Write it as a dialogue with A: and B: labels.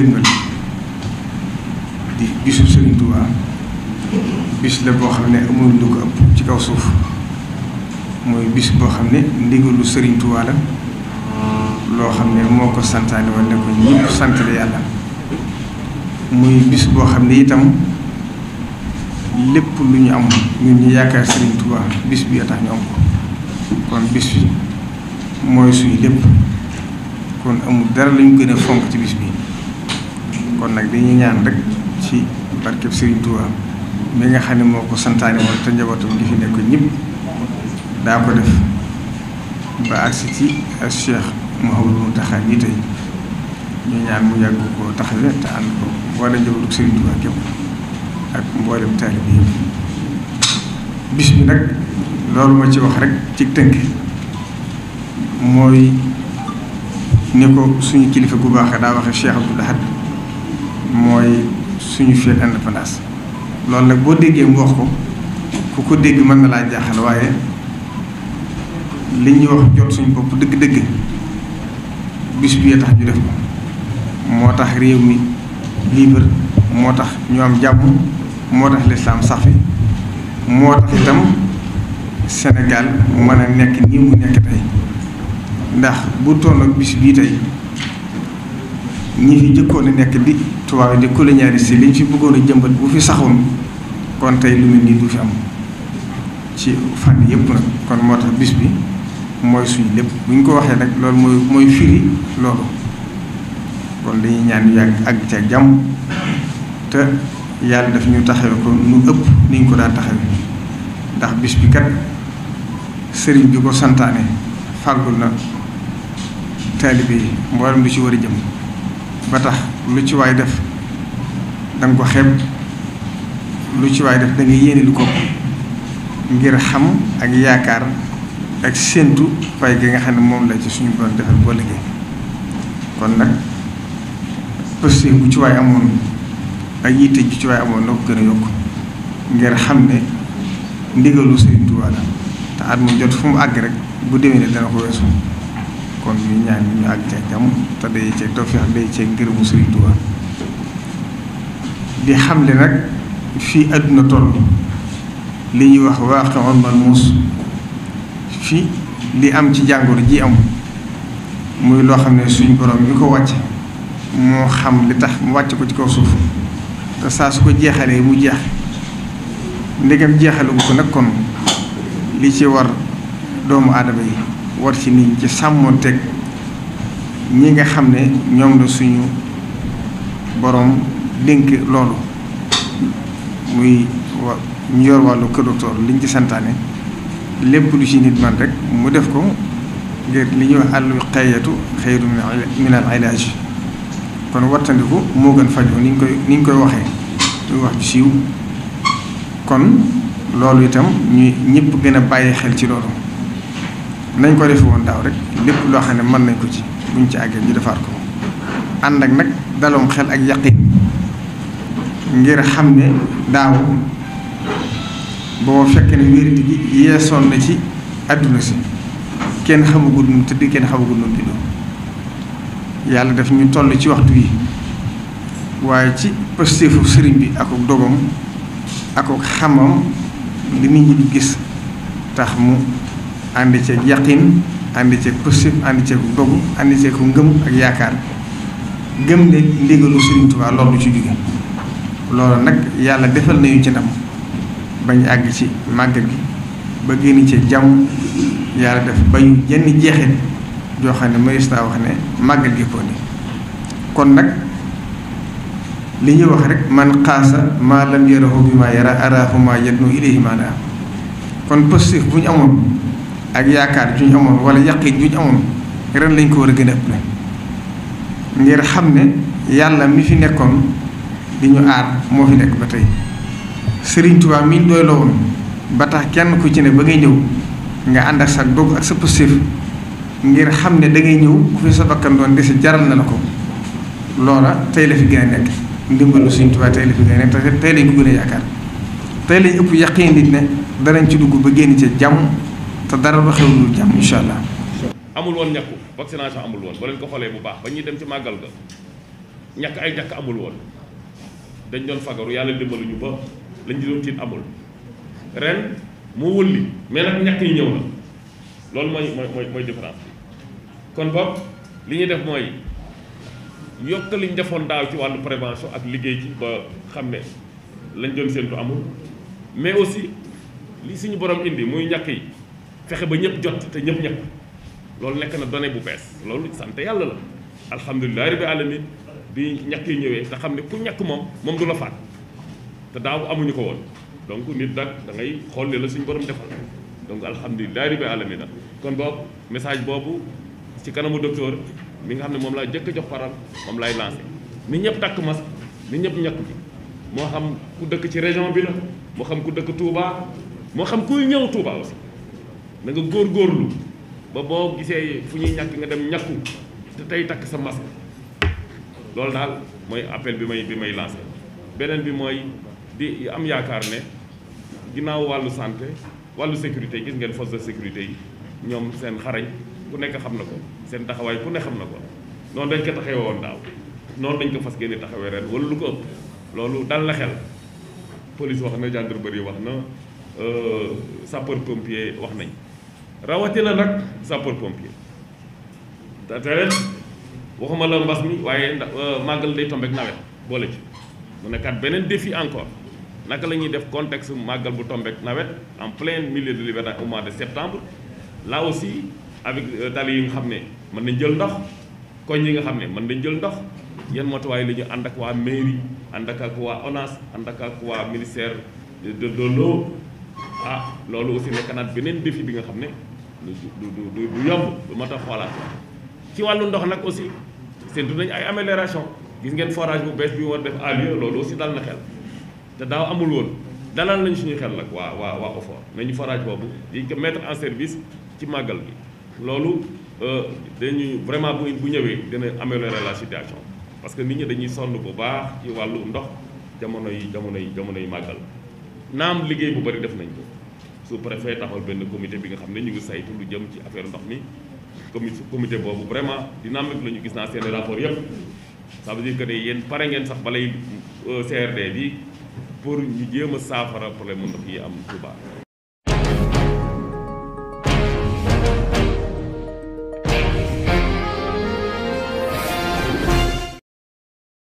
A: dëngal di bisu Serigne Touba bis la boo xam ne amul lu ko ëpp ci kaw suuf mooy bis boo xam ne ndigalu Serigne Touba la loo xam ne moo ko santaane wala ko ñëpp sant la yàlla muy bis boo xam ne itam lépp lu ñu am ñun ñu yaakaar Serigne Touba bis bi tax ñu am ko kon bis bi mooy suy lépp kon amul dara lañu gën a fonk ci bis bi kon nag dañuy ñaan rek ci barkeb Serigne Touba mi nga xam ne moo ko santaane woon te njabootam gi fi nekk ñëpp daa ko def ba agsi ak Cheikh Mouhamadou Mountakha nii tey mu yàgg ko taxawe te ànd ko wala njabootu ak mboolem taalib bi yëpp bis bi nag loolu ma ci wax rek ci tënk mooy ni ko suñu kilifa gu baax daa waxe Cheikh bu Ahad mooy suñu fête indépendance loolu nag boo déggee mu wax ko ku ko dégg mën na laa jaaxal waaye li ñuy wax jot suñu bopp dëgg-dëgg bis bi tax ñu def ko moo tax réew mi libre moo tax ñu am jàmm moo tax lislaam sax fi moo tax itam Sénégal mën a nekk nii mu nekk tey ndax bu toon ak bis bii tey ñi fi jëkkoon a nekk di tubaab yi di colonialiste liñ fi bëggoon a jëmbat bu fi saxoon kon tey lu mel nii du fi am ci fànn yëpp nag kon moo tax bis bi mooy suñu lépp bu ñu ko waxee nag loolu mooy mooy firi loolu kon dañuy ñaan yàgg àgg ca jàmm te yàlla daf ñu taxawe ko nu ëpp ni ñu ko daan taxawe ndax bis bi kat sëriñ bi ko santaane fàggul na taalibe yi mboolem lu ci war a jëm ba tax lu ci waay def danga ko xeeb lu ci waay def dangay nga yéene lu ko ngir xam ak yaakaar ak séentu pay gi nga xam ne moom la ci suñu borom defal boo liggéey kon nag pëste bu ci waay amoon ak yitte bu ci amoon na ko gën a yokk ngir xam ne ndigalu Sëriñ Tuubaa te at mu jot fu mu àgg rek bu déwénee dana ko weesu kon ñu ñaan ñu àgg ca jàmm te day ceeg tawfeex day ceeg ngërëmu Sëriñ di xam xamle nag fii àdduna toll li ñuy wax waaqi'un malmuus fii li am ci jàngoro ji am muy loo xam ne suñu borom bi ko wàcc moo xam li tax mu wàcce ko ci kaw suuf te saa su ko jeexalee mu jeex ndegam jeexalu ko nag kon li ci war doomu aadama yi war ci nit ñi ci sàmmoonteeg ñi nga xam ne ñoom la suñu boroom dénk loolu muy wa ñu yor wàllu kër docteur liñ ci santaane lépp lu ci nit man rek mu def ko ngir li ñuy wax àllu xayatu xayru min al ilaaj kon wattandiku moo gën fajoo ni ñu koy ni ñu koy waxee muy wax ci siiw kon loolu itam ñuy ñëpp gën a bàyyi xel ci loolu nañ ko defe woon daaw rek lépp loo xam ne mën nañ ko ci buñ ci àggee ñu defaat ko ànd ak nag daloom xel ak yaqin ngir xam ne daaw boo fekk ne wérdi gi yeesoon na ci àdduna si kenn xamagul nu tëdd kenn xamagul nu tëdd yàlla daf ñu toll ci waxtu yi waaye ci pëstéefu sëriñ bi ak ak dogam ak ak xamam li nit ñi di gis tax mu ànd ceeg yaqin ànd ceeg pëstéef ànd dog dogu ànd ceeg ngëm ak yaakaar gëm ne ndigalu sëriñ Tuubaa loolu ci jóge loolu nag yàlla defal nañu ci ndam bañ àgg ci màggal gi ba génn ci jàmm yàlla def ba ñu jenn jeexit joo xam ne magistrat wax ne màggal gi ko ni kon nag li ñuy wax rek man xaasa maa lam yarahu bi maa yara araahu maa yadnu ilayhi maa kon positif bu ñu amoon ak yaakaar ju ñu amoon wala yaqit ju ñu amoon ren lañ ko war a gën a ëpp ngir xam ne yàlla mi fi nekkoon di ñu aar moo fi nekk ba tey Serigne Touba mi doy la ba tax kenn ku ci ne ba ngay ñëw nga ànd ak sa dog ak sa positif ngir xam ne da ngay ñëw ku fi sa bakkan de si jaral na la ko loola tey la fi gën a nekk ndimbalu Serigne Touba tey la fi gën a nekk te tey lañ ko gën a yaakaar tey lañ ëpp yaqin ne danañ ci dugg ba génn ca jàmm te dara ba xew lu jàmm incha allah.
B: amul woon ñàkku vaccination amul woon ba leen ko xoolee bu baax ba ñuy dem ci màggal ga ñàkk ay ñàkk amul woon. dañ doon fagaru yàlla dimbalu ñu ba lañ di doon tiit amul ren mu wulli mais nag ñàkk yi ñëw na loolu mooy mooy mooy différence bi kon boog li ñuy def mooy yokk liñ defoon daaw ci wàllu prévention ak liggéey ci ba xam ne lañ doon séentu amul mais aussi li suñu borom indi muy ñàkk yi fexe ba ñëpp jot te ñëpp ñàkk loolu nekk na donnée bu bees loolu sant yàlla la alhamdulilah rabbi alamin bi ñàkk yi ñëwee te xam ne ku ñàkk moom moom du la faat te daaw amuñu ko woon donc nit nag da ngay xool li la suñu borom defal donc alhamdulilah rabbi alamina kon boobu message boobu ci kanamu docteur mi nga xam ne moom laa jëkk jox paral moom laay lancé ni ñëpp takk masque ni ñëpp ñàkk bi moo xam ku dëkk ci région bi la moo xam ku dëkk Touba moo xam kuy ñëw Touba aussi da nga góorgóorlu ba boo gisee fu ñuy ñàkk nga dem ñàkku te tey takk sa masque loolu daal mooy appel bi may bi may lancé beneen bi mooy di am yaakaar ne ginnaaw wàllu santé wàllu sécurité gis ngeen force de sécurité yi ñoom seen xarañ ku nekk xam na ko seen taxawaay ku ne xam na ko noonu dañ ko taxawee woon daaw noonu dañ ko fas génne taxawee ren wala lu ko ëpp loolu dal la xel police wax na yi wax na euh, sapeur pompier wax nañ rawatina nag sapeur pompier te waxuma la mbas mi waaye ndax euh, màggal day tombeek nawet boole ci mu nekkaat beneen défi encore naka la ñuy def contexte màggal bu tombeek nawet en plein milieu de l'hiver au mois de septembre là aussi avec euh, tali yi nga xam ne mën nañ jël ndox koñ yi nga xam ne mën nañ jël ndox yan matuwaay la ñu ànd ak waa mairie ànd ak ak waa ONAS ànd ak ak waa ministère de de ah loolu aussi nekk naat beneen défi bi nga xam ne du du du yomb lu ma tax xoolaat ci wàllu ndox nag aussi séntu nañ ay amélioration gis ngeen forage bu bees bi war def à lieu loolu aussi dal na xel te daaw amul woon dalal nañ suñu xel nag waa waa waa OFOR nañu forage boobu di ko mettre en service ci màggal gi loolu euh, dañu vraiment bu bu ñëwee dina améliorer la situation parce que nit ñi dañuy sonn bu baax ci wàllu ndox jamono yi jamono yi jamono yi màggal naam liggéey bu bari def nañ ko sous préfet taxawal benn comité bi nga xam ne ñu ngi saytu lu jëm ci affaire ndox mi comi comité boobu vraiment dynamique la ñu gis naa seen rapport yëpp ça veut dire que ne yéen pare ngeen sax balay euh, CRD bi pour ñu jéem a saafara problème mu ndox yi am Touba